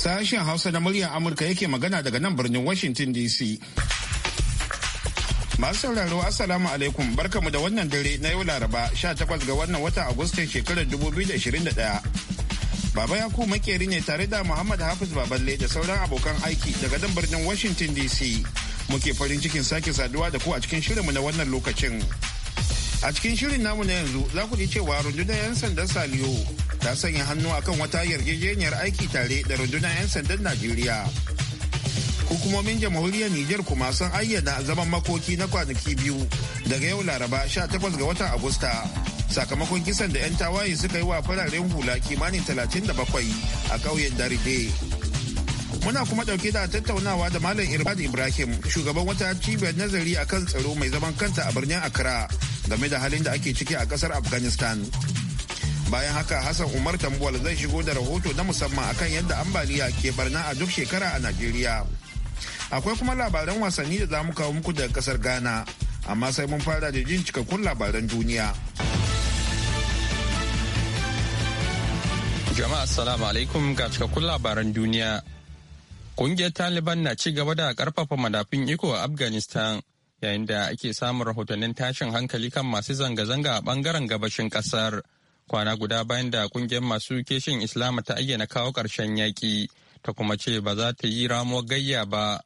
Sashen Hausa na muryar Amurka yake magana daga nan birnin Washington DC. Masu sauraro Assalamu alaikum barkamu da wannan dare na yau Laraba 18 ga wannan watan Agustan shekarar 2021. Baba Yakub makeri ne tare da Muhammad Hafiz Baballe da sauran abokan aiki daga nan birnin Washington DC. Muke farin cikin sake saduwa da ku a cikin shirinmu na wannan lokacin. A cikin shirin namu na yanzu za ku ji cewa rundunar 'yan sandan Saliyo ta sanya hannu akan wata yarjejeniyar aiki tare da rundunar 'yan sandan Najeriya. Hukumomin jamhuriyar Nijar kuma sun ayyana zaman makoki na kwanaki biyu daga yau Laraba 18 ga watan Agusta. Sakamakon kisan da 'yan tawaye suka yi wa fararen hula kimanin 37 a ƙauyen Daride. Muna kuma dauke da tattaunawa da Malam Irbad Ibrahim, shugaban wata cibiyar nazari akan tsaro mai zaman kanta a birnin Accra game da halin da ake ciki a kasar Afghanistan. bayan haka hassan umar tambuwal zai shigo da rahoto na musamman akan yadda ambaliya ke barna a duk shekara a najeriya akwai kuma labaran wasanni da za mu kawo muku daga kasar ghana amma sai mun fara da jin cikakkun labaran duniya jama'a assalamu alaikum ga cikakkun labaran duniya ƙungiyar taliban na ci gaba da karfafa madafin iko a afghanistan yayin da ake samun rahotannin tashin hankali kan masu zanga-zanga a bangaren gabashin kasar. kwana guda bayan da kungiyar masu keshin islama ta ayyana kawo karshen yaƙi ta kuma ce ba za ta yi ramo gayya ba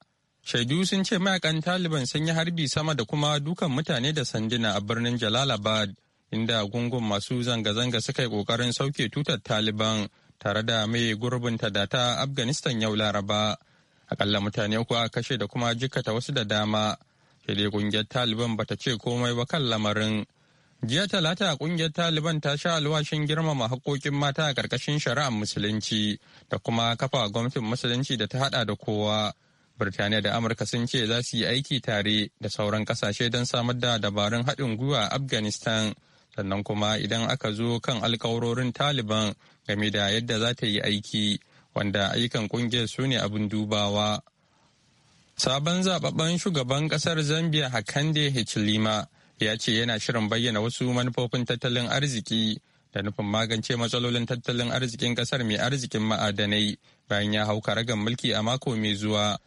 shaidu sun ce mayakan taliban sun yi harbi sama da kuma dukan mutane da sanduna a birnin jalalabad inda gungun masu zanga-zanga suka yi kokarin sauke tutar taliban tare da mai gurbinta da ta afghanistan yau laraba akalla mutane uku aka kashe da kuma jikata wasu da dama sai dai kungiyar taliban bata ce komai ba kan lamarin Jiya Talata kungiyar Taliban ta sha alwashin girmama haƙoƙin mata a ƙarƙashin shari'ar Musulunci da kuma kafa gwamnatin Musulunci da ta haɗa da kowa. Birtaniya da Amurka sun ce za su yi aiki tare da sauran ƙasashe don samar da dabarun haɗin gwiwa a Afghanistan. Sannan kuma idan aka zo kan alkawarorin Taliban game da yadda za ta yi aiki, wanda ayyukan ƙungiyar su ne abin dubawa. Sabon zababben shugaban ƙasar Zambia Hakande Hichilima ya ce yana shirin bayyana wasu manufofin tattalin arziki da nufin magance matsalolin tattalin arzikin kasar mai arzikin ma'adanai bayan ya hau karagan mulki a mako mai zuwa.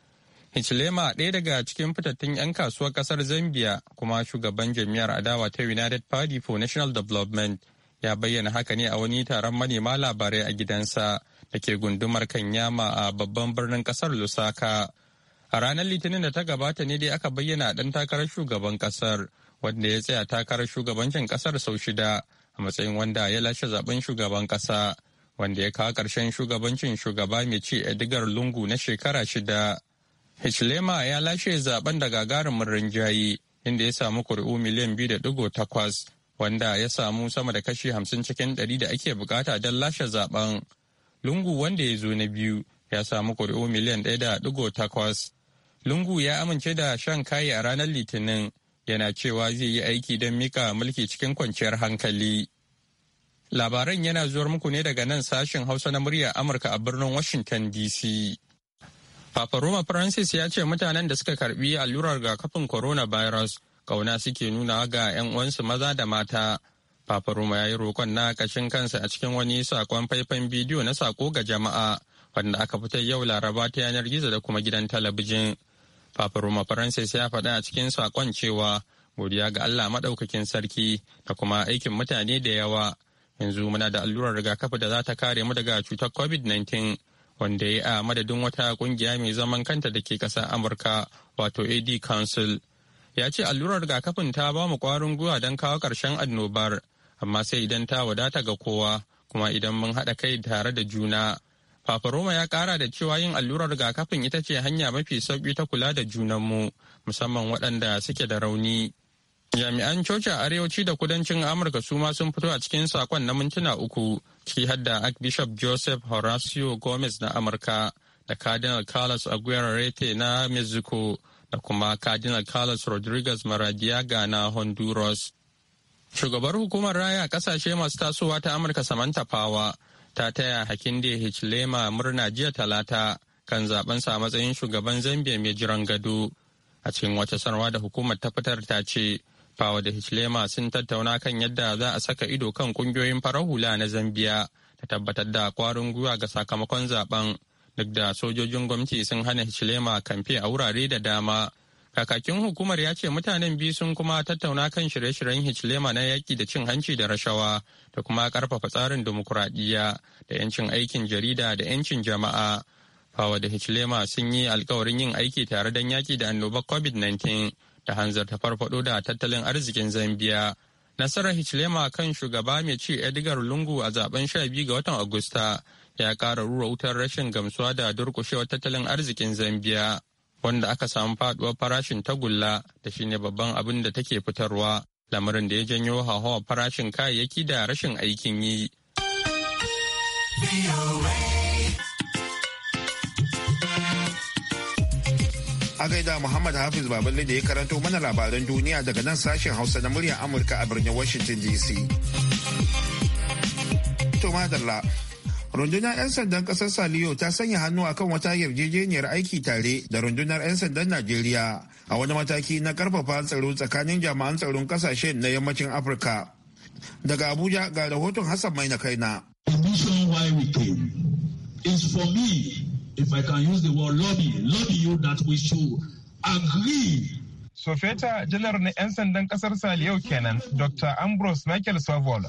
Hichilema ɗaya daga cikin fitattun 'yan kasuwar kasar Zambia kuma shugaban jami'ar adawa ta United Party for National Development ya bayyana haka ne a wani taron manema labarai a gidansa da ke gundumar Kanyama a babban birnin kasar Lusaka. A ranar Litinin da ta gabata ne dai aka bayyana ɗan takarar shugaban kasar. wanda ya tsaya takarar shugabancin kasar sau shida a matsayin wanda ya lashe zaben shugaban kasa wanda ya kawo ƙarshen shugabancin shugaba mai ci edgar lungu na shekara shida Hichlema ya lashe zaben da gagarumin rinjaye inda ya samu kuri'u miliyan biyu da digo takwas wanda ya samu sama da kashi hamsin cikin ɗari da ake bukata don lashe zaben lungu wanda ya zo na biyu ya samu kuri'u miliyan ɗaya da digo takwas lungu ya amince da shan kayi a ranar litinin yana cewa zai yi aiki don mika mulki cikin kwanciyar hankali. Labaran yana zuwar muku ne daga nan sashen Hausa na muryar Amurka a birnin Washington DC. Papa Roma Francis ya ce mutanen da suka karbi allurar ga kafin coronavirus kauna suke nuna ga 'yan uwansu maza da mata. Papa Roma ya yi roƙon na ƙashin kansa a cikin wani sakon faifan bidiyo na sako ga jama'a wanda aka fitar yau Laraba ta yanar gizo da kuma gidan talabijin. Papa Roma Francis ya faɗa a cikin saƙon cewa godiya ga Allah maɗaukakin sarki da kuma aikin mutane da yawa yanzu muna da allurar rigakafi da za ta kare mu daga cutar covid-19 wanda ya a madadin wata ƙungiya mai zaman kanta da ke ƙasar amurka wato ad council ya ce allurar rigakafin ta ba mu ƙwarin gwiwa don kawo ƙarshen annobar amma sai idan ta wadata ga kowa kuma idan mun haɗa kai tare da juna Papa Roma ya kara da cewa yin allurar rigakafin ita ce hanya mafi sauki ta kula da junanmu musamman waɗanda suke da rauni. Jami'an coci a arewaci da kudancin Amurka su ma sun fito a cikin sakon na mintuna uku ciki har da Archbishop Joseph Horacio Gomez na Amurka da Cardinal Carlos Aguirre Rete na Mexico da kuma Cardinal Carlos Rodriguez Maradiaga na Honduras. Shugabar hukumar raya kasashe masu tasowa ta Amurka Samantha Power ta taya Hakinde Hichilema murna jiya talata kan zabensa a matsayin shugaban Zambia mai jiran gado. A cikin wata sanarwa da hukumar ta fitar ta ce, Fawa da Hichilema sun tattauna kan yadda za a saka ido kan kungiyoyin farar hula na Zambia ta tabbatar da kwarin gwiwa ga sakamakon zaben duk da sojojin gwamnati sun hana Hichilema kamfe a wurare da dama Kakakin hukumar ya ce mutanen biyu sun kuma tattauna kan shirye-shiryen Hichilema na yaƙi da cin hanci da rashawa da kuma ƙarfafa tsarin dimokuraɗiyya da 'yancin aikin jarida da 'yancin jama'a. Fawa da Hichilema sun yi alkawarin yin aiki tare don yaƙi da annobar COVID-19 da hanzarta farfaɗo da tattalin arzikin Zambiya. Nasarar Hichilema kan shugaba mai ci Edgar Lungu a zaben 12 ga watan Agusta ya ƙara rura wutar rashin gamsuwa da durƙushewar tattalin arzikin Zambiya. wanda aka samu faduwar farashin tagulla da shine babban abin da take fitarwa lamarin da ya janyo hauhawar farashin kayayyaki da rashin aikin yi. A gaida Muhammad Hafiz babalai da ya karanto mana labaran duniya daga nan sashen Hausa na muryar Amurka a birnin Washington DC. rundunar 'yan sandan kasar saliyo ta sanya hannu akan wata yarjejeniyar aiki tare da rundunar 'yan sandan najeriya a wani mataki na karfafa tsaro tsakanin jami'an tsaron kasashen na yammacin afirka daga abuja ga rahoton hassan mai na kaina is for if i can use the word lobby lobby you that we should agree Sofeta janar na 'yan sandan kasar yau kenan Dr. Ambrose Michael Savol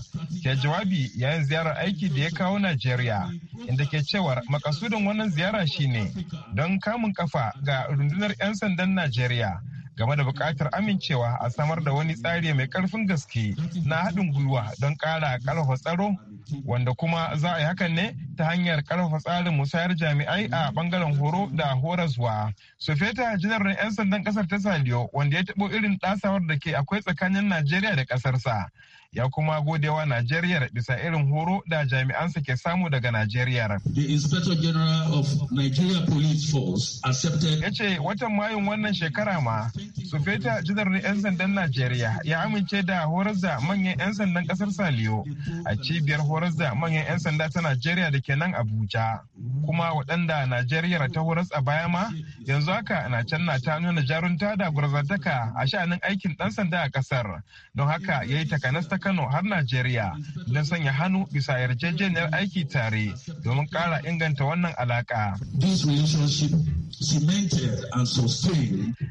ke jawabi yayin ziyarar aiki da ya kawo Najeriya inda ke cewar makasudin wannan ziyara shine don kamun kafa ga rundunar 'yan sandan Najeriya game da buƙatar amincewa a samar da wani tsari mai ƙarfin gaske na haɗin gwiwa don ƙara ƙarfafa tsaro wanda kuma za a yi hakan ne ta hanyar ƙarfafa tsarin musayar jami'ai a bangaren horo da horaswa. Sofeta janar 'yan sandan ƙasar ta Saliyo wanda ya taɓo irin ɗasawar da ke akwai tsakanin Najeriya da ƙasarsa ya kuma godewa Najeriya bisa irin horo da jami'an ke samu daga Najeriya. The Inspector General of Nigeria Police Force accepted. Ya ce watan Mayun wannan shekara ma, Sufeta Jidar 'yan sandan Najeriya ya amince da horar da manyan 'yan sandan kasar Saliyo a cibiyar horar da manyan 'yan sanda ta Najeriya da ke nan Abuja. Kuma waɗanda Najeriya ta horas a baya ma yanzu haka na can na ta nuna jarunta da gurzantaka a sha'anin aikin ɗan sanda a ƙasar. Don haka ya yi takanasta ta Kano har Najeriya don sanya hannu bisa yarjejeniyar aiki tare domin kara inganta wannan alaƙa.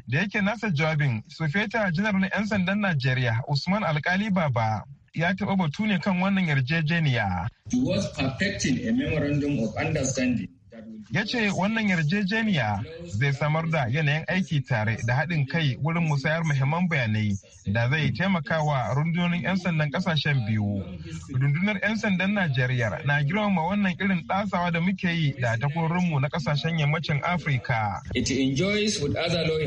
Da yake nasa jawabin, Sufeta Janar na 'yan sandan Najeriya Usman Alkali Baba ya taɓa batu ne kan wannan yarjejeniya. was perfecting a memorandum of understanding ya ce wannan yarjejeniya zai samar da yanayin aiki tare da haɗin kai wurin musayar muhimman bayanai da zai taimakawa rundunar 'yan sandan ƙasashen biyu rundunar 'yan sandan najeriya na girmama wannan irin ɗasawa da muke yi da takwarorinmu na ƙasashen yammacin afirka it with other law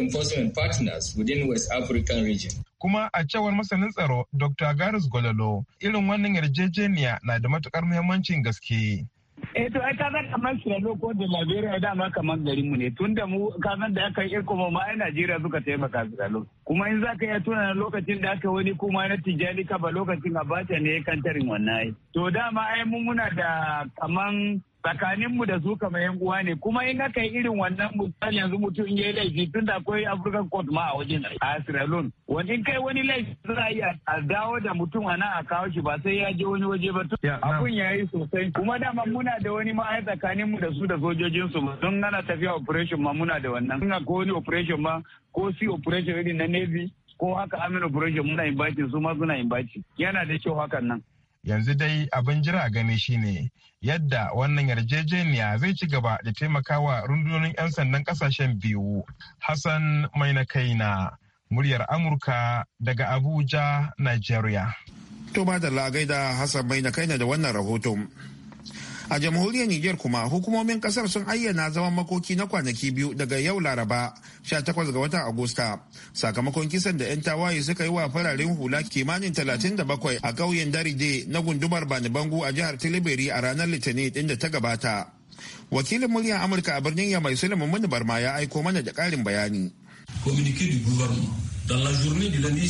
partners within west african kuma a cewar masanin tsaro dr garis gololo irin wannan yarjejeniya na da matukar muhimmancin gaske eh to ai kaza kamar yanzu ko da da dama kamar garin mu ne tunda mu kasan da aka yi kuma ma ai Najeriya suka taimaka Sierra kuma in zaka iya tuna lokacin da aka wani kuma na Tijjani ba lokacin Abacha ne kantarin wannan ai to dama ai mu muna da kaman tsakaninmu da su kamar yan uwa ne kuma in aka yi irin wannan misali yanzu mutum in yayi laifi tun da akwai African court ma a wajen a Sierra Leone wani in kai wani laifi za a yi a dawo da mutum a nan a kawo shi ba sai ya je wani waje ba abun ya yi sosai kuma dama muna da wani ma ai tsakaninmu da su da sojojin su don ana tafiya operation ma muna da wannan ina ko wani operation ma ko si operation irin na navy ko haka amino operation muna invite su ma suna invite yana da kyau hakan nan yanzu dai abin jira gani shine yadda wannan yarjejeniya zai ci gaba da taimakawa rundunonin 'yan sandan kasashen biyu hassan mai na kaina muryar amurka daga abuja nigeria to da lagai da hassan mai na kaina da wannan rahoton A jamhuriyar Nijar kuma hukumomin kasar sun ayyana zaman makoki na kwanaki biyu daga yau Laraba 18 ga watan Agusta sakamakon kisan da 'yan tawaye suka yi wa fararen hula kimanin 37 a ƙauyen Daride na gundumar bani Banibangu a jihar Tilibiri a ranar Litinin din da ta gabata. Wakilin muryar Amurka a birnin Yamai Sulaiman Muni Barma ya aiko mana da ƙarin bayani. du gouvernement dans la journée du lundi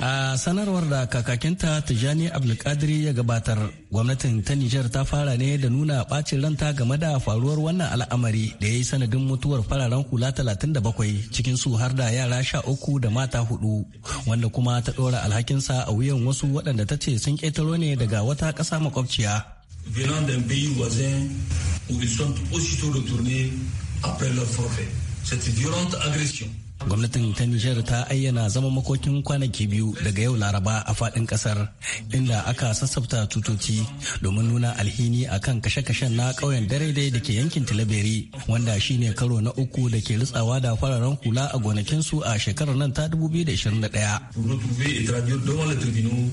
A sanarwar da kakakinta Tijjani Abdulkadiri ya gabatar, gwamnatin ta Nijar ta fara ne da nuna bacin ranta game da faruwar wannan al'amari da ya yi sanadin mutuwar fararen hula 37 cikin su har da yara sha uku da mata hudu, wanda kuma ta ɗora alhakinsa a wuyan wasu waɗanda ta ce sun ƙetaro ne daga wata ƙasa makwabciya. Cette violente agression gwamnatin ta nijar ta ayyana zama makokin kwanaki biyu daga yau laraba a fadin kasar inda aka sassafta tutoci domin nuna alhini kan kashe-kashen na ƙauyen dare-dai da ke yankin tilaberi wanda shine karo na uku da ke ritsawa da fararen hula a gonakinsu a shekarar nan ta 2021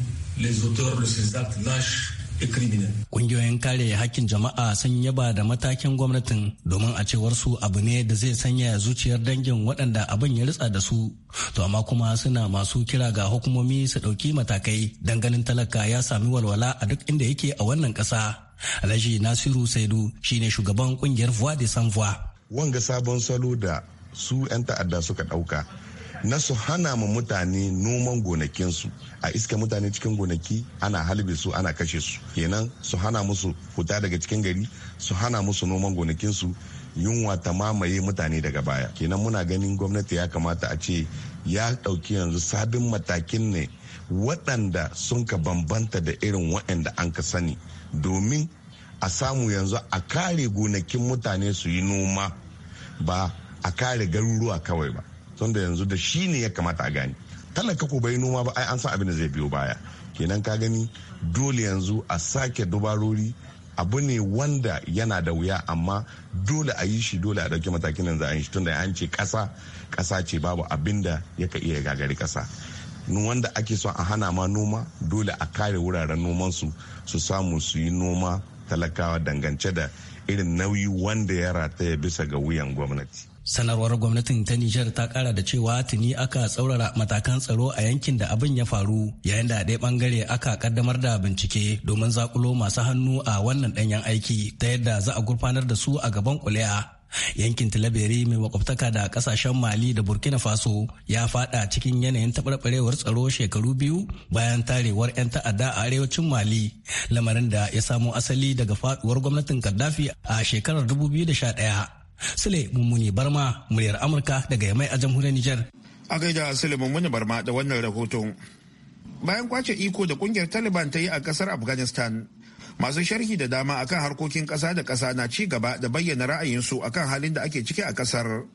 Kungiyoyin kare hakkin jama'a sun yaba da matakin gwamnatin domin a cewar su abu ne da zai sanya zuciyar dangin waɗanda abin ya ritsa da su. To amma kuma suna masu kira ga hukumomi su ɗauki matakai don ganin talaka ya sami walwala a duk inda yake a wannan ƙasa. Alhaji Nasiru Saidu shine shugaban kungiyar Voix de Sans Wanga sabon salo da su 'yan ta'adda suka ɗauka na su hana ma mutane noman gonakinsu a iska mutane cikin gonaki ana halbe su ana kashe su kenan su hana musu fita daga cikin gari su hana musu noman gonakinsu yunwa ta mamaye mutane daga baya kenan muna ganin gwamnati ya kamata a ce ya ɗauki yanzu sabin matakin ne waɗanda sun ka bambanta da irin waɗanda an ka sani domin a samu yanzu a kare gonakin mutane su yi noma ba a kare garuruwa kawai ba tunda yanzu da shi ne ya kamata a gani talaka ko bai noma ba ai an san abin da zai biyo baya kenan ka gani dole yanzu a sake dubarori abu ne wanda yana da wuya amma dole a yi shi dole a ɗauki matakin nan za a yi shi tunda an ce ƙasa ƙasa ce babu abin da ya ka iya gagari ƙasa wanda ake so a hana ma noma dole a kare wuraren nomansu su samu su yi noma talakawa dangance da irin nauyi wanda ya rataya bisa ga wuyan gwamnati sanarwar gwamnatin ta nijar ta kara da cewa tuni aka tsaurara matakan tsaro a yankin da abin ya faru yayin da ɗaya bangare aka kaddamar da bincike domin zakulo masu hannu a wannan ɗanyen aiki ta yadda za a gurfanar da su a gaban kuliya yankin tilaberi mai makwabtaka da kasashen mali da burkina faso ya fada cikin yanayin taɓarɓarewar tsaro shekaru biyu bayan tarewar 'yan ta'adda a arewacin mali lamarin da ya samo asali daga faduwar gwamnatin gaddafi a shekarar 2011 Sule Mummuni Barma muryar Amurka daga Yamai a jamhuriyar Nijar. A gaida Sule Mummuni Barma da wannan rahoton. Bayan kwace iko da kungiyar Taliban ta yi a kasar Afghanistan, masu sharhi da dama akan harkokin kasa da kasa na ci gaba da bayyana ra'ayinsu akan halin da ake ciki a kasar.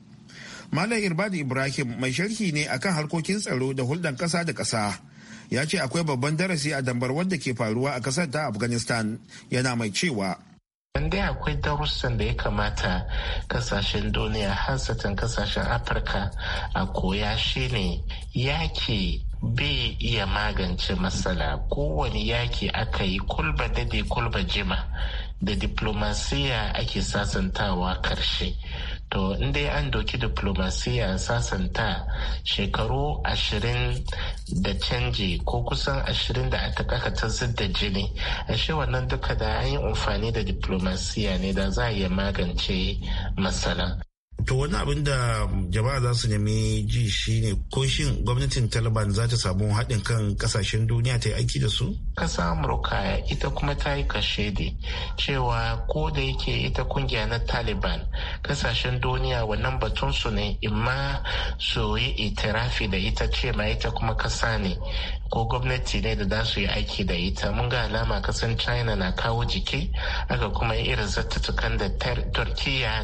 Malam Irbadi Ibrahim mai sharhi ne akan harkokin tsaro da hulɗar kasa da kasa. ya ce akwai babban darasi a dambar wadda ke faruwa a kasar ta afghanistan yana mai cewa dai akwai darussan da ya kamata kasashen duniya hansatan kasashen afirka a koya shi ne yaki bai iya magance matsala kowane yaki aka yi kulba dade kulba jima da diplomasiya ake sasantawa karshe to in dai an doki diplomasiya sasanta shekaru ashirin da canji ko kusan ashirin da aka ta da jini ashe wannan duka da an yi amfani da diplomasiya ne da za a iya magance matsala to wani abin da jama'a za su nemi ji ne ko shin gwamnatin taliban za ta samu haɗin kan kasashen duniya ta yi aiki da su ƙasa amurka ita kuma ta yi kashe kashedi cewa ko da yake ita kungiya na taliban kasashen duniya wannan batun su ne imma su yi itirafi da ita ce ma ita kuma kasa ne ko gwamnati ne da za su yi aiki da ita mun ga alama kasan china na kawo jiki aka kuma irin zattutukan da turkiya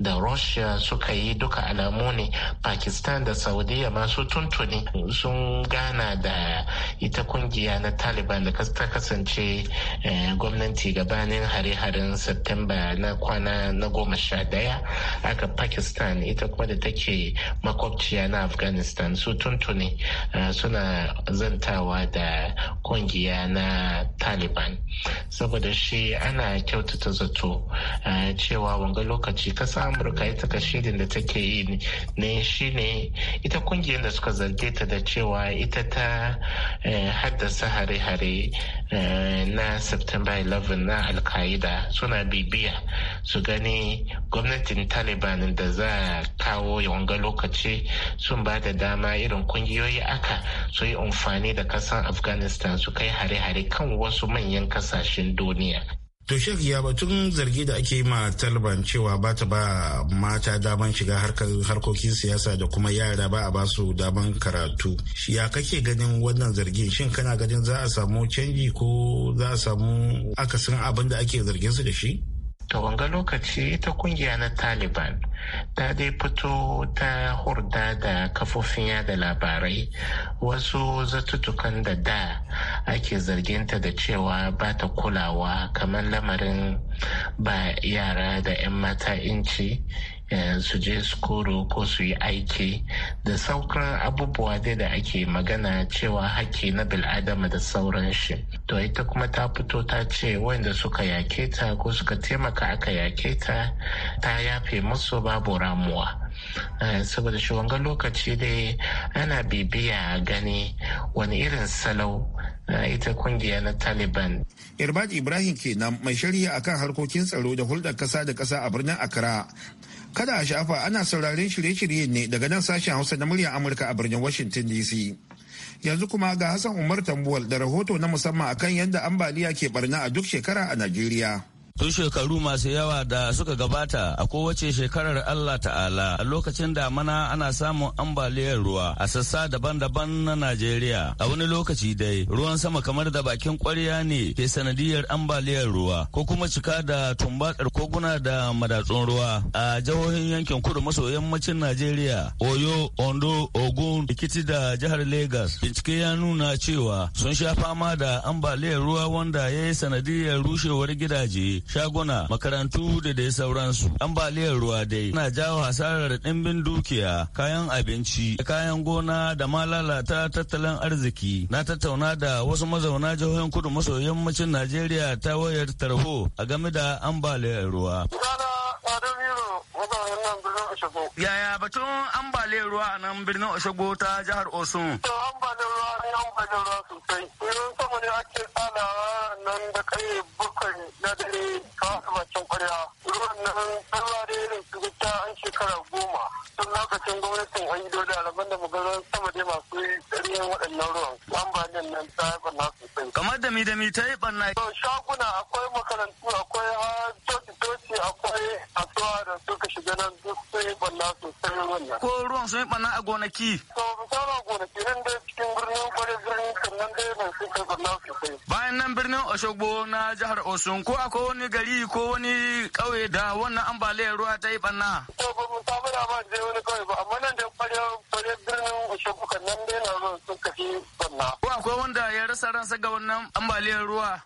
da russia russia suka yi duka alamu ne pakistan da saudiya masu tuntuni sun gana da ita kungiya na taliban da ta kasance eh, gwamnati gabanin hare-haren septemba na kwana na goma sha daya aka pakistan ita kuma da take makwabciya na afghanistan su tuntuni eh, suna zantawa da kungiya na taliban saboda shi ana kyautata zato eh, cewa wanga lokaci kasa amurka taka shirin da take yi ne shine ita kungiyar da suka zarge ta da cewa ita ta eh, haddasa hare-hare eh, na september 11 na alkaida suna bibiya su gani gwamnatin taliban da za a kawo yawanga lokaci sun ba da dama irin kungiyoyi aka su yi amfani da kasan afghanistan su kai hare-hare kan wasu manyan kasashen duniya To shek ya batun zargi da ake yi ma Taliban cewa ba ta ba mata daman shiga harkokin siyasa da kuma yara ba a ba su daman karatu. Ya kake ganin wannan zargin shin kana ganin za a samu canji ko za a samu akasin abin da ake zargin su da shi? To wanga lokaci ta kungiya na Taliban ta dai fito ta hurda da kafofin yada labarai wasu zatuttukan da da ake zarginta da cewa ba ta kulawa kamar lamarin ba yara da 'yan mata inci Eh, su je su koro ko su yi aiki da sauran abubuwa dai da ake magana cewa haƙƙi na bil'adama da sauran shi to ita kuma ta fito ta ce wanda suka yake ta ko suka taimaka aka yake ta ta yafe musu babu ramuwa eh, saboda shi lokaci dai ana bibiya gani wani irin salau eh, ita kungiya na taliban irbad ibrahim kenan mai shari'a akan harkokin tsaro da hulɗar ƙasa da ƙasa a birnin accra Kada a shafa ana sauraren shirye-shirye ne daga nan sashen Hausa na muryar Amurka a birnin Washington DC. Yanzu kuma ga Hassan Umar Tambuwal da rahoto na musamman akan yadda ambaliya ke barna a duk shekara a Najeriya. Tun shekaru masu yawa da suka gabata a kowace shekarar Allah ta'ala a lokacin damana ana samun ambaliyar ruwa a sassa daban-daban na Najeriya. A wani lokaci dai ruwan sama kamar da bakin kwarya ne ke sanadiyar ambaliyar ruwa ko kuma cika da tumbatsar koguna da madatsun ruwa a jihohin yankin kudu maso yammacin Najeriya Oyo, Ondo, Ogun, Ikiti da jihar Legas. Bincike ya nuna cewa sun sha fama da ambaliyar ruwa wanda ya yi sanadiyar rushewar gidaje shaguna, makarantu da dai sauransu. Ambaliyar ruwa dai na jawo hasarar ɗimbin dukiya, kayan abinci, da kayan gona da ma lalata tattalin arziki. Na tattauna da wasu mazauna jihohin kudu maso yammacin Najeriya ta wayar tarho a game da ambaliyar ruwa. Yaya batun ambaliyar ruwa a nan birnin Oshogo ta jihar Osun. To ambalin ruwa ne ambalin ruwa sosai. Ruwan sama ne ake tsalawa nan da kai bakwai na dare ta asibacin kwarya. Ruwan nan tsalla da irin su ta an shekara goma. Tun lokacin gwamnatin an yi dole a alaban da maganar sama dai masu tsariyan waɗannan ruwan. Ambalin nan ta yi ɓanna sosai. Kamar da mi da mi ta yi ɓanna. To shaguna akwai makarantu akwai coci-coci akwai asuwa da suka shiga nan duk sun yi ɓanna sosai wannan. Ko ruwan sun yi ɓanna a gonaki. Bayan nan birnin Oshogbo na jihar Osun ko akwai wani gari ko wani ƙauye da wannan ambaliyar ruwa ta yi ɓanna. To ba mu samu ba je wani ƙauye ba amma nan da kwale birnin Oshogbo kan nan dai na ruwan sun rasa ransa ga wannan ambaliyar ruwa? ba.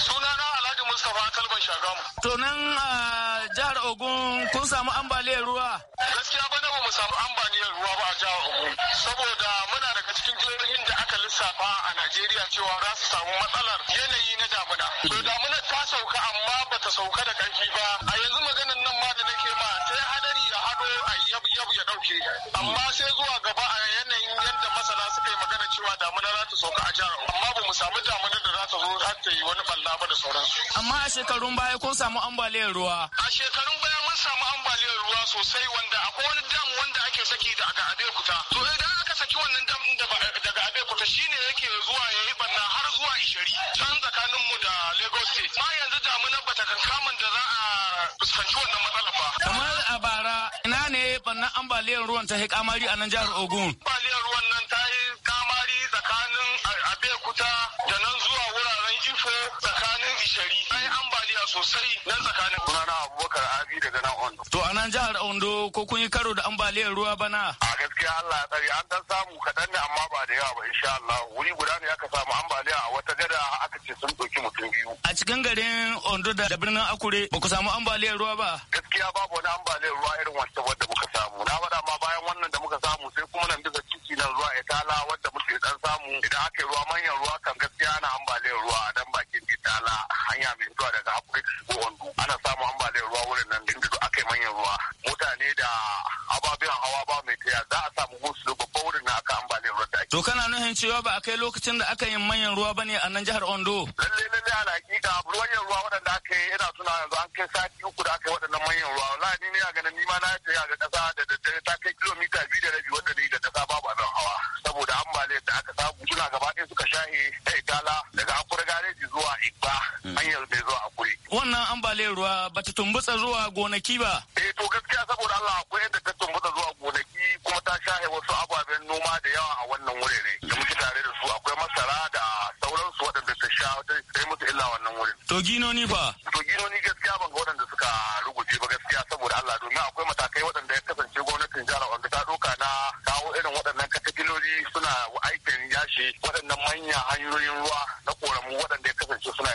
Sunana Alhaji Mustapha Kalban Shagamu. To nan a jihar Ogun kun samu ambaliyar ruwa? Gaskiya bana ba mu samu ambaliyar ruwa ba a jihar Ogun. Saboda muna daga cikin jihohin da aka lissafa a Najeriya cewa za su samu matsalar yanayi na damuna. To damuna ta sauka amma bata sauka da ƙarfi ba. A yanzu maganar nan ma da nake ma sai hadari yabu ya dauke amma sai zuwa gaba a yanayin yadda masana suka yi magana cewa damuna za ta sauka a jihar amma ba mu samu da za ta zo har ta yi wani balla ba da sauransu amma a shekarun baya kun samu ambaliyar ruwa a shekarun baya mun samu ambaliyar ruwa sosai wanda akwai wani dam wanda ake saki daga abekuta to idan aka saki wannan dam daga abekuta shine yake zuwa ya yi banna har zuwa ishari can tsakanin mu da lagos state ma yanzu damunar bata kankaman da za a fuskanci wannan matsalar ba kamar a bara wannan ambaliyar ruwan ta yi kamari a nan jihar Ogun. Ambaliyar ruwan nan ta yi kamari tsakanin abekuta da nan zuwa wuraren Ifo tsakanin Ishari. Ta yi ambaliya sosai nan tsakanin Sunana Abubakar Abi daga nan Ondo. To a nan jihar Ondo ko kun yi karo da ambaliyar ruwa bana? A gaskiya Allah ya tsare an dan samu kaɗan ne amma ba da yawa ba insha Allah. Wuri guda ne aka samu ambaliya a wata kashe mutum biyu. A cikin garin Ondo da birnin Akure ba ku samu ambaliyar ruwa ba? Gaskiya babu wani ambaliyar ruwa irin wancan wadda muka samu. Na faɗa ma bayan wannan da muka samu sai kuma nan duka ciki nan ruwa ya tala wadda muke dan samu idan aka yi ruwa manyan ruwa kan gaskiya ana ambaliyar ruwa a nan bakin itala hanya mai zuwa daga Akure ko Ondo. Ana samun ambaliyar ruwa wurin nan duk da aka yi manyan ruwa. Mutane da ababen hawa ba mai taya To kana nuhin cewa ba a kai lokacin da aka yi manyan ruwa bane a nan jihar Ondo? Lalle lalle a hakika manyan ruwa waɗanda aka yi ina tuna yanzu an kai sati uku da aka yi waɗannan manyan ruwa. Wallahi ni ne a ganin ni ma na tafiya ga ƙasa da daddare ta kai kilomita biyu da rabi wanda ni da ƙasa babu abin hawa. Saboda ambaliyar da aka samu suna gaba ɗaya suka shahe ta itala daga akwai gareji zuwa Igba hmm. hanyar bai zuwa akwai. Wannan ambaliyar ruwa bata tumbutsa zuwa gonaki ba. Eh to gaskiya saboda Allah akwai yadda ta tumbutsa zuwa gonaki. kuma ta shahe wasu ababen noma da yawa a wannan ne da muke tare da su akwai masara da sauransu waɗanda ta sha ta yi musu illa wannan wurin. To ginoni fa? To ni gaskiya ban ga waɗanda suka rubuce ba gaskiya saboda Allah domin akwai matakai waɗanda ya kasance gwamnatin jihar wanda ta ɗauka na kawo irin waɗannan katakiloli suna aikin yashi waɗannan manyan hanyoyin ruwa na koramu waɗanda ya kasance suna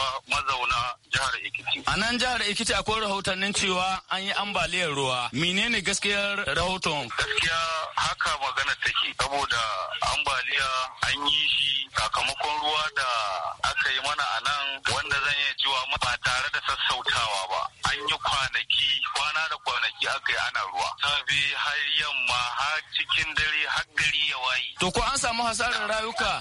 Hausawa mazauna jihar Ekiti. A nan jihar Ekiti akwai rahotannin cewa an yi ambaliyar ruwa. Menene gaskiyar rahoton? Gaskiya haka magana take saboda ambaliya an yi shi sakamakon ruwa da aka yi mana a nan wanda zan iya cewa ba tare da sassautawa ba. An yi kwanaki kwana da kwanaki aka yi ana ruwa. Sabi har yamma har cikin dare har gari ya waye. To ko an samu hasarar rayuka?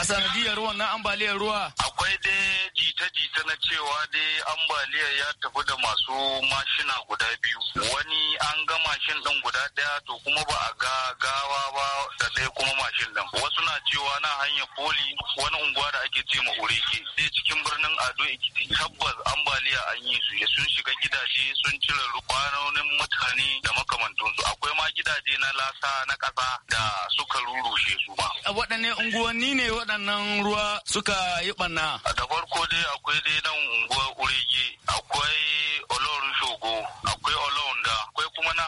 a sanadiyar ruwan na ambaliyar ruwa akwai dai jita-jita na cewa dai ambaliyar ya tafi da masu mashina guda biyu wani an ga mashin ɗin guda ɗaya to kuma ba a ga gawa ba da ɗaya kuma mashin ɗin. wasu na cewa na hanyar poli wani unguwa da ake ce ma ureke sai cikin birnin ado ikiti tabbas ambaliya an yi su sun shiga gidaje sun cire rubanonin mutane da makamantansu akwai ma gidaje na lasa na ƙasa da suka rurushe su ba. waɗanne unguwanni ne waɗannan ruwa suka yi ɓanna? Da farko dai akwai dai nan unguwar Urege, akwai Olo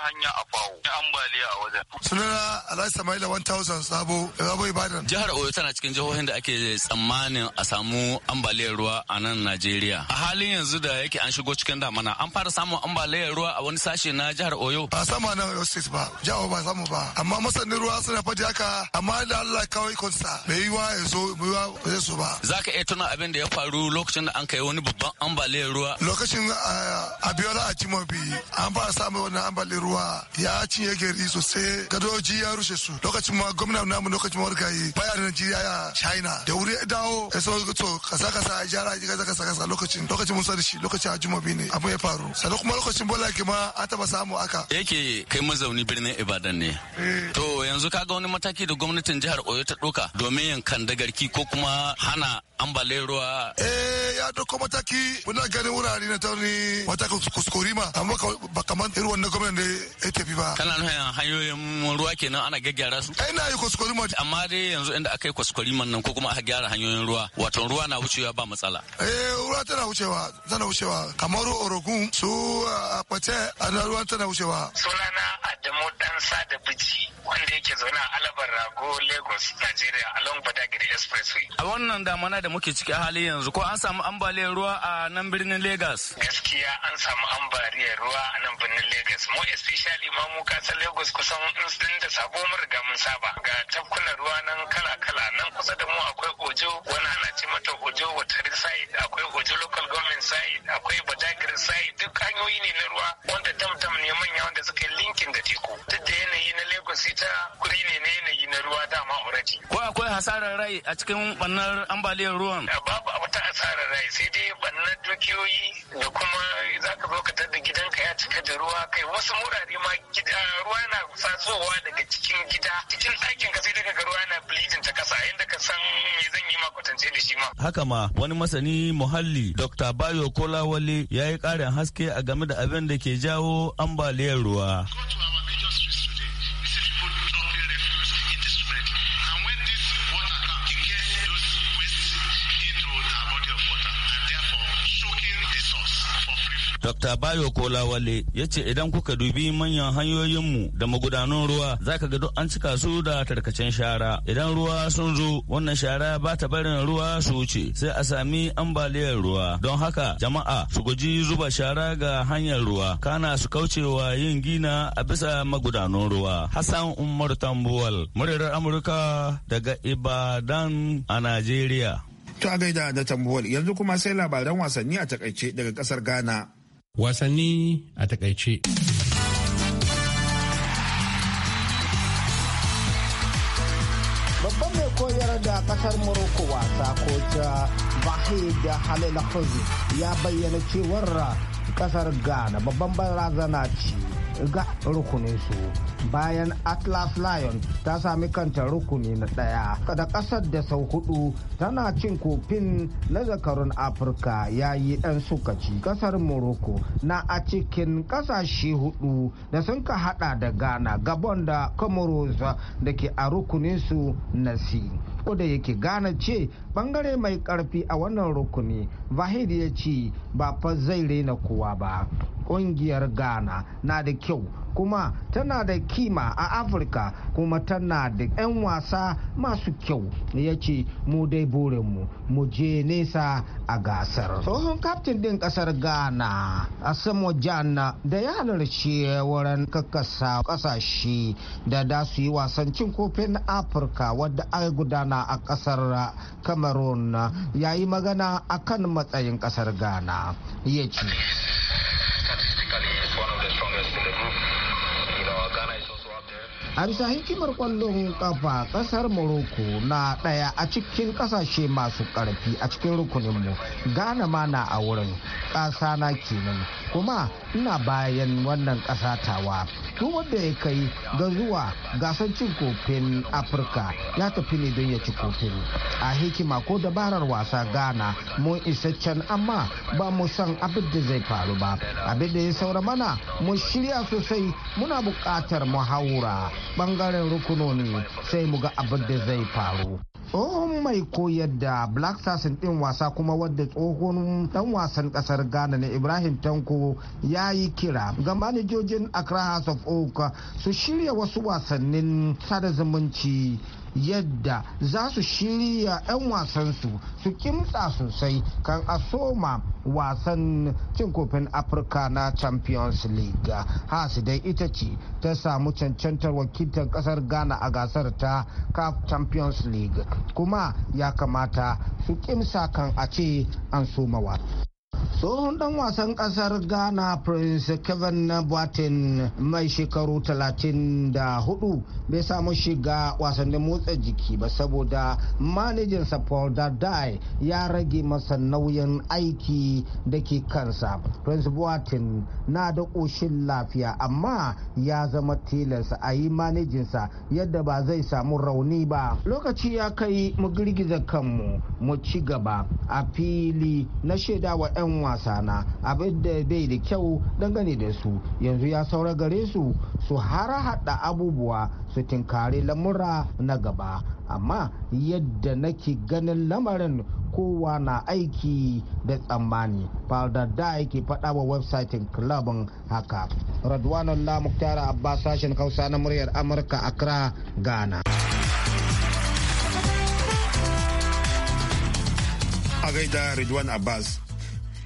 hanya a fawo ambaliya a wajen. sunana alhaji samaila 1000 sabo sabo ibadan. jihar oyo tana cikin jihohin da ake tsammanin a samu ambaliyar ruwa a nan najeriya a halin yanzu da yake an shigo cikin damana an fara samun ambaliyar ruwa a wani sashe na jihar oyo. ba sama nan oyo state ba jihar ba samu ba amma masanin ruwa suna faɗi haka amma da allah kawai kunsa bai yi wa ya zo bai wa ya zai ba. za ka iya tuna abin da ya faru lokacin da an kai wani babban ambaliyar ruwa. lokacin eh, abiola a jimobi an fara samun wani ambaliyar ruwa cewa ya cinye gari sosai gadoji ya rushe su lokacin ma gwamna namu lokacin yi baya da Najeriya ya China da wuri ya dawo ya so to kasa kasa ya jara ya kasa kasa kasa lokacin lokacin musa da shi lokacin Ajumabi ne abu ya faru sannan kuma lokacin Bola ke ma a taba samu aka yake kai mazauni birnin Ibadan ne eh. to yanzu ka ga wani mataki da gwamnatin jihar Oyo ta doka domin yankan dagarki ko kuma hana ambaliyar ruwa eh ya dauko mataki muna ganin wurare na tauni matakin kuskure ma amma ba kamar irin wannan gwamnan da ya tafi ba kana nuna hanyoyin ruwa kenan ana gyaggyara su ai na yi kuskure ma amma dai yanzu inda aka yi kuskure man nan ko kuma aka gyara hanyoyin ruwa wato ruwa na wucewa ba matsala eh ruwa tana wucewa tana wucewa kamar orogun su a kwace ana ruwa tana wucewa sunana adamu dan sada bici wanda yake zaune a alabar rago lagos nigeria along badagiri expressway a wannan damana da muke ciki a halin yanzu ko an samu an ambaliyar ruwa a nan birnin Legas? Gaskiya an samu ambaliyar ruwa a nan birnin Legas. Mu especially ma mu kasa Legas kusan din da sabo mun riga mun saba. Ga tafkunan ruwa nan kala-kala nan kusa da mu akwai Ojo wani ana ce mata Ojo water side akwai Ojo local government side akwai Badagir side duk hanyoyi ne na ruwa wanda tamtam ne manya wanda suka yi linkin da teku. Duk da yanayi na Legas ita kuri ne na yanayi na ruwa dama already. Ko akwai hasarar rai a cikin wannan ambaliyar ruwan? Babu wata hasarar rai sai dai bannan dukiyoyi da kuma za ka zo ka tada gidanka ya cika da ruwa kai wasu murare ma ruwa na tsatsowa daga cikin gida cikin ɗakin ka sai daga ga ruwa na bleeding ta kasa yadda ka san me zan yi ma kwatance da shi ma. Haka ma wani masani muhalli Dr. Bayo Kolawale ya yi ƙarin haske a game da abin da ke jawo ambaliyar ruwa. Dr. Bayo Kolawale ya ce idan kuka dubi manyan hanyoyinmu da magudanun ruwa za ka ga duk an cika su da tarkacen shara. Idan ruwa sun zo wannan shara ba ta barin ruwa su wuce sai a sami ambaliyar ruwa. Don haka jama'a su guji zuba shara ga hanyar ruwa kana su kaucewa yin gina a bisa magudanun ruwa. Hassan Umar Tambuwal, muryar Amurka daga Ibadan a Najeriya. To a gaida da Tambuwal yanzu kuma sai labaran wasanni a takaice daga kasar Ghana. wasanni a takaice. Babban mai koyar da kasar Morocco wasa ko ta da Halil ya bayyana cewar kasar Ghana babban barazana ce. ga su bayan atlas lion ta sami kanta rukuni na daya da kasar da sau hudu tana cin kofin na zakarun afirka ya yi dan sukaci kasar morocco na a cikin kasashe hudu da sun ka hada da ghana gabon da comoros da ke a rukunin su na si ko da yake gana ce bangare mai karfi a wannan rukuni vahid ya ce ba fa zai raina kowa ba ƙungiyar ghana na da kyau kuma tana da kima a afirka kuma tana da 'yan wasa masu kyau ya ce mu dai burinmu mu je nesa a gasar tsohon kaftin din kasar ghana asamo jana da ya halarci wurin kakasa kasashe da da su yi wasan cin kofin afirka wadda a gudana a kasar cameroon ya yi magana akan matsayin kasar ghana ya ce a bisa hikimar kwallon kafa kasar morocco na daya a cikin kasashe masu karfi a cikin rukuninmu ghana ma na a wurin kasa na kenan kuma ina bayan wannan kasa tawa duk wanda ya kai ga zuwa gasar cin kofin afirka ya tafi ne don ya ci kofin a hikima ko dabarar wasa ghana mun isa can amma ba mu san abin da zai faru ba abin da ya saura mana mun shirya sosai muna buƙatar muhawura bangaren rukunoni sai mu ga abin da zai faru tsohon mai koyar da black stars din wasa kuma wadda tsohon dan wasan kasar ghana na ibrahim tanko ya yi kira ga manajojin accra house of oak su shirya wasu wasannin sada zumunci yadda za su shirya 'yan wasansu su kimsa sosai kan a soma wasan cin kofin afirka na champions league hasu dai ita ce ta samu cancantar wakiltar kasar ghana a gasar ta cup champions league kuma ya kamata su kimsa kan a ce an soma wasu tsohon dan wasan kasar ghana prince kevin Boateng mai shekaru 34 bai samu shiga wasannin motsa jiki ba saboda manajinsa paul dardai ya rage masa nauyin aiki da ke kansa prince Boateng na da ƙoshin lafiya amma ya zama tilas a yi manajinsa yadda ba zai samu rauni ba lokaci ya kai mu girgiza kanmu mu ci gaba a fili na shaidawa 'yan wasa na abin da bai da kyau dangane da su yanzu ya saura gare su su har hada abubuwa su tinkari lamura na gaba amma yadda nake ganin lamarin kowa na aiki da tsammani da yake faɗa wa websitin clubin haka radwanullah lamuktara abbas sashen hausa na muryar amurka accra ghana a gaida Ridwan Abbas.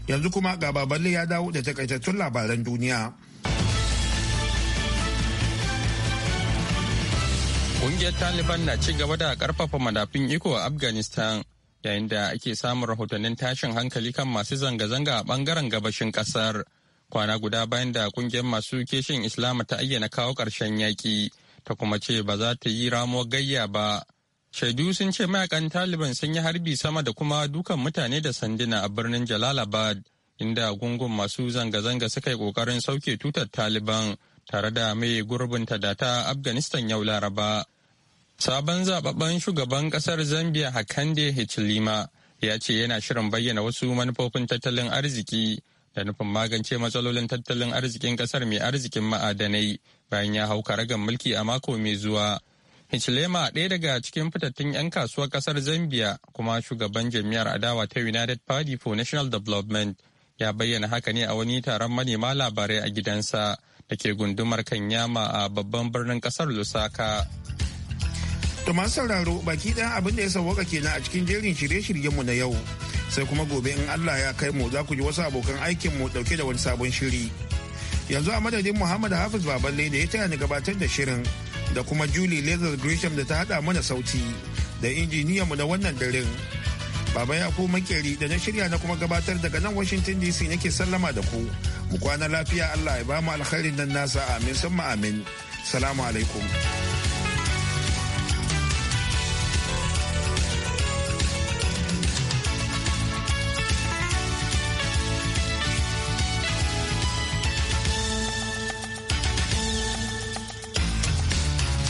yanzu kuma ga baballe ya dawo da takaitattun labaran duniya Ƙungiyar Taliban na ci gaba da karfafa madafin iko a Afghanistan yayin da ake samun rahotannin tashin hankali kan masu zanga-zanga a bangaren gabashin kasar Kwana guda bayan da kungiyar masu keshin islam ta ayyana kawo ƙarshen yaƙi ta kuma ce ba za ta yi ramuwar gayya ba Shaidu sun ce mayakan Taliban sun yi harbi sama da kuma dukan mutane da sanduna a birnin Jalalabad, inda gungun masu zanga-zanga suka yi kokarin sauke tutar Taliban tare da mai gurbinta da ta Afghanistan yau Laraba. Sabon zababben shugaban ƙasar Zambia Hakande Hichilima ya ce yana shirin bayyana wasu manufofin tattalin arziki da nufin magance matsalolin tattalin arzikin ƙasar mai arzikin ma'adanai bayan ya hau karagan mulki a mako mai zuwa. Hichilema ɗaya daga cikin fitattun 'yan kasuwar ƙasar Zambia kuma shugaban jami'ar adawa ta United Party for National Development ya bayyana haka ne a wani taron manema labarai a gidansa da ke gundumar kan yama a babban birnin ƙasar Lusaka. To masu sauraro baki ɗan abin da ya sauwaka kenan a cikin jerin shirye-shiryenmu na yau. Sai kuma gobe in Allah ya kai mu za ku ji wasu abokan aikin mu ɗauke da wani sabon shiri. Yanzu a madadin Muhammad Hafiz Baballe da ya taya ni gabatar da shirin. da kuma Julie Lazar Gresham da ta hada mana sauti da mu na wannan daren. Baba Yakubu Makeri da na shirya na kuma gabatar daga nan Washington DC nake sallama da ku. Mu kwana lafiya Allah ya ba mu alkhairin nan nasa amin mu amin. Salamu alaikum.